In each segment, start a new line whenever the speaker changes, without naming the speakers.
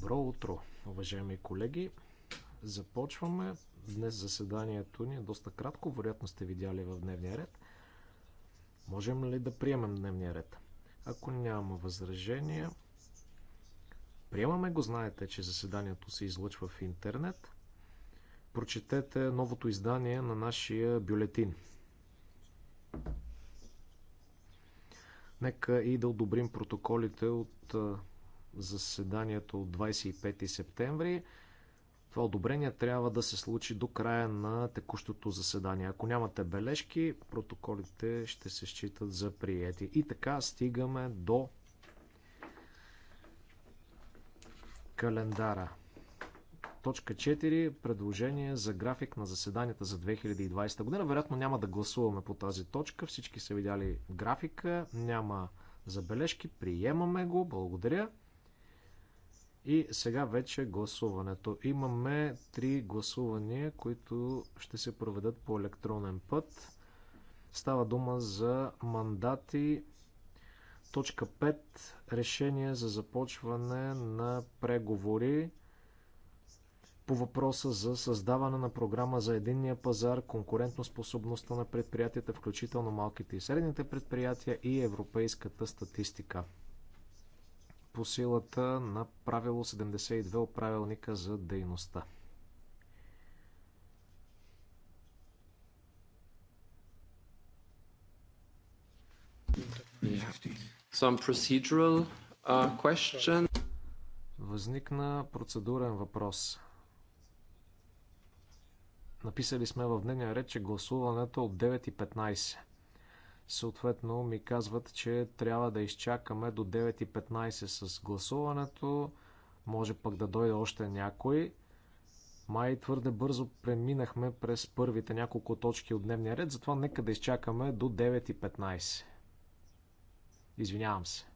Добро утро, уважаеми колеги. Започваме. Днес заседанието ни е доста кратко, вероятно сте видяли в дневния ред. Можем ли да приемем дневния ред? Ако няма възражения, приемаме го. Знаете, че заседанието се излъчва в интернет. Прочетете новото издание на нашия бюлетин. Нека и да одобрим протоколите от заседанието от 25 септември. Това одобрение трябва да се случи до края на текущото заседание. Ако нямате бележки, протоколите ще се считат за приети. И така стигаме до календара. Точка 4. Предложение за график на заседанията за 2020 година. Вероятно няма да гласуваме по тази точка. Всички са видяли графика. Няма забележки. Приемаме го. Благодаря. И сега вече гласуването. Имаме три гласувания, които ще се проведат по електронен път. Става дума за мандати. Точка 5. Решение за започване на преговори по въпроса за създаване на програма за единния пазар, конкурентоспособността на предприятията, включително малките и средните предприятия и европейската статистика по силата на правило 72 от правилника за дейността. Some procedural uh, question. Възникна процедурен въпрос. Написали сме в дневния ред, че гласуването е от 9.15. Съответно ми казват, че трябва да изчакаме до 9.15 с гласуването. Може пък да дойде още някой. Май твърде бързо преминахме през първите няколко точки от дневния ред, затова нека да изчакаме до 9.15. Извинявам се.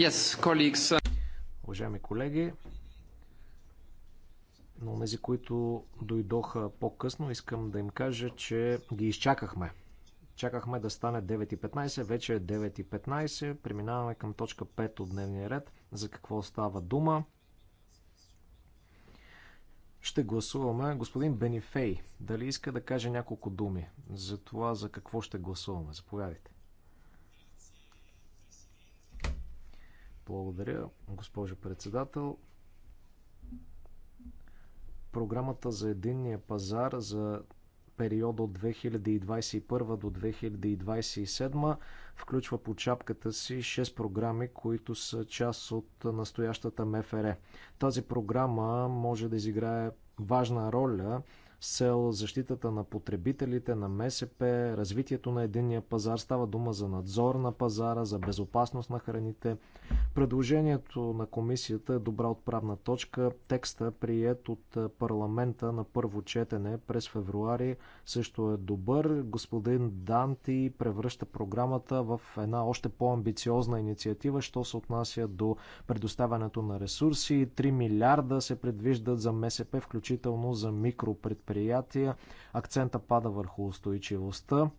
Yes, colleagues. Uh, Уважаеми колеги, но тези, които дойдоха по-късно, искам да им кажа, че ги изчакахме. Чакахме да стане 9.15, вече е 9.15. Преминаваме към точка 5 от дневния ред. За какво става дума? Ще гласуваме господин Бенифей. Дали иска да каже няколко думи за това, за какво ще гласуваме? Заповядайте. Благодаря, госпожо председател. Програмата за единния пазар за период от 2021 до 2027 включва по чапката си 6 програми, които са част от настоящата МФР. Тази програма може да изиграе важна роля Сел, защитата на потребителите, на МСП, развитието на единния пазар. Става дума за надзор на пазара, за безопасност на храните. Предложението на комисията е добра отправна точка. Текста, прият от е, парламента на първо четене през февруари, също е добър. Господин Данти превръща програмата в една още по-амбициозна инициатива, що се отнася до предоставянето на ресурси. 3 милиарда се предвиждат за МСП, включително за микропредприятия предприятия. Акцента пада върху устойчивостта.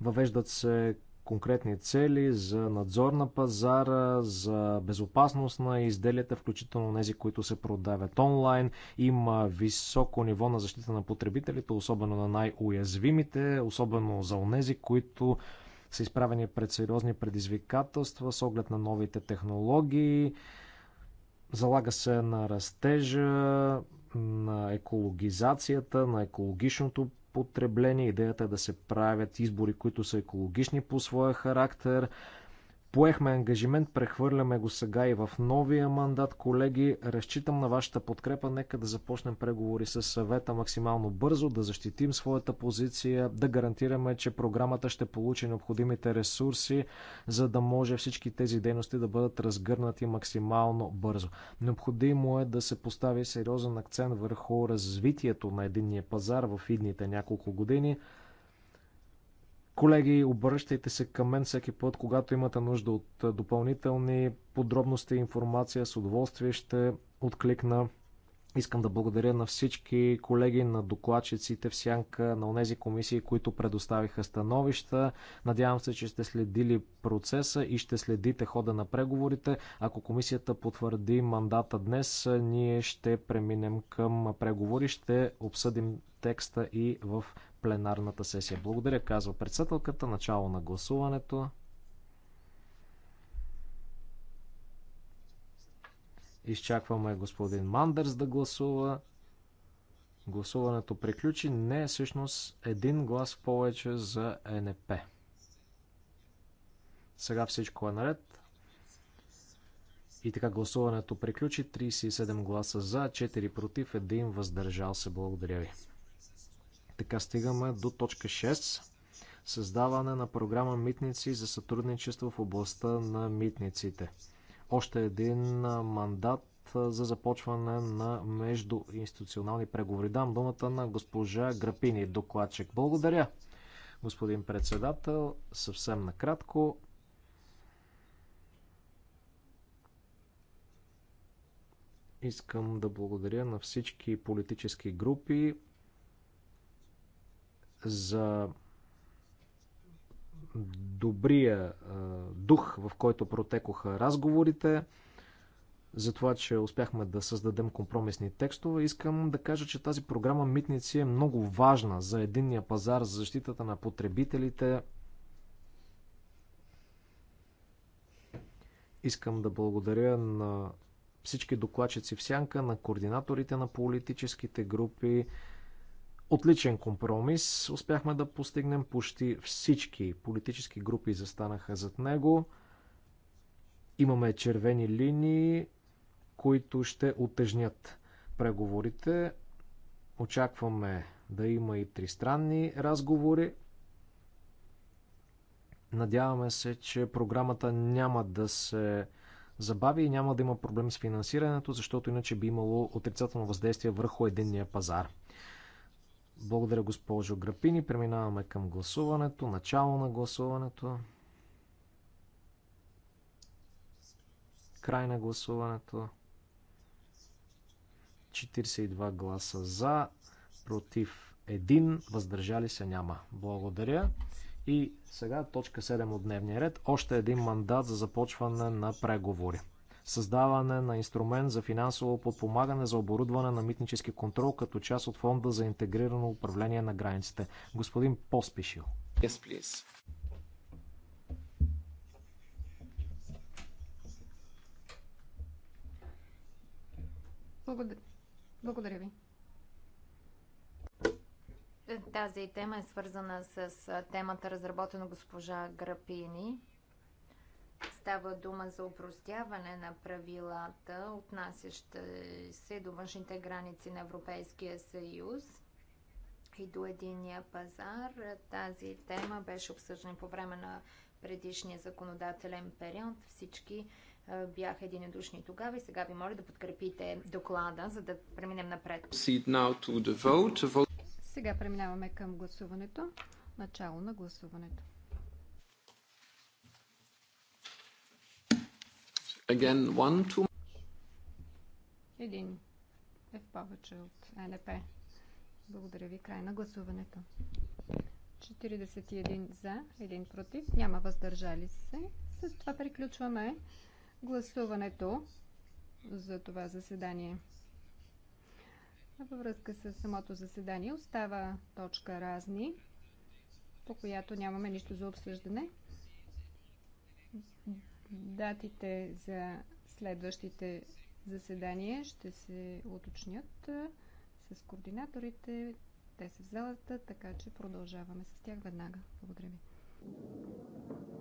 Въвеждат се конкретни цели за надзор на пазара, за безопасност на изделията, включително тези, които се продават онлайн. Има високо ниво на защита на потребителите, особено на най-уязвимите, особено за онези, които са изправени пред сериозни предизвикателства с оглед на новите технологии Залага се на растежа, на екологизацията, на екологичното потребление. Идеята е да се правят избори, които са екологични по своя характер, Поехме ангажимент, прехвърляме го сега и в новия мандат. Колеги, разчитам на вашата подкрепа. Нека да започнем преговори с съвета максимално бързо, да защитим своята позиция, да гарантираме, че програмата ще получи необходимите ресурси, за да може всички тези дейности да бъдат разгърнати максимално бързо. Необходимо е да се постави сериозен акцент върху развитието на единния пазар в идните няколко години. Колеги, обръщайте се към мен всеки път, когато имате нужда от допълнителни подробности и информация. С удоволствие ще откликна. Искам да благодаря на всички колеги, на докладчиците в сянка, на онези комисии, които предоставиха становища. Надявам се, че сте следили процеса и ще следите хода на преговорите. Ако комисията потвърди мандата днес, ние ще преминем към преговори, ще обсъдим текста и в пленарната сесия. Благодаря, казва председателката. Начало на гласуването. Изчакваме господин Мандърс да гласува. Гласуването приключи. Не, всъщност един глас повече за НП. Сега всичко е наред. И така гласуването приключи. 37 гласа за, 4 против, 1 въздържал се. Благодаря ви. Така стигаме до точка 6. Създаване на програма Митници за сътрудничество в областта на митниците още един мандат за започване на междуинституционални преговори. Дам думата на госпожа Грапини, докладчик. Благодаря, господин председател. Съвсем накратко. Искам да благодаря на всички политически групи за добрия дух, в който протекоха разговорите, за това, че успяхме да създадем компромисни текстове. Искам да кажа, че тази програма Митници е много важна за единния пазар, за защитата на потребителите. Искам да благодаря на всички докладчици в сянка, на координаторите на политическите групи, отличен компромис. Успяхме да постигнем почти всички политически групи застанаха зад него. Имаме червени линии, които ще отежнят преговорите. Очакваме да има и тристранни разговори. Надяваме се, че програмата няма да се забави и няма да има проблем с финансирането, защото иначе би имало отрицателно въздействие върху единния пазар. Благодаря, госпожо Грапини. Преминаваме към гласуването, начало на гласуването. Край на гласуването. 42 гласа за, против 1, въздържали се няма. Благодаря. И сега точка 7 от дневния ред. Още един мандат за започване на преговори създаване на инструмент за финансово подпомагане за оборудване на митнически контрол като част от фонда за интегрирано управление на границите. Господин Поспешил. Yes, please. Благодаря. Благодаря ви. Тази тема е свързана с темата, разработена госпожа Грапини. Става дума за упростяване на правилата, отнасящи се до външните граници на Европейския съюз и до единия пазар. Тази тема беше обсъждана по време на предишния законодателен период. Всички бяха единодушни тогава и сега ви моля да подкрепите доклада, за да преминем напред. Сега преминаваме към гласуването. Начало на гласуването.
Again, one, two...
Един е в повече от НП. Благодаря ви. Край на гласуването. 41 за, 1 против, няма въздържали се. С това приключваме гласуването за това заседание. Във връзка с самото заседание остава точка разни, по която нямаме нищо за обсъждане. Датите за следващите заседания ще се уточнят с координаторите. Те са в залата, така че продължаваме с тях веднага. Благодаря ви.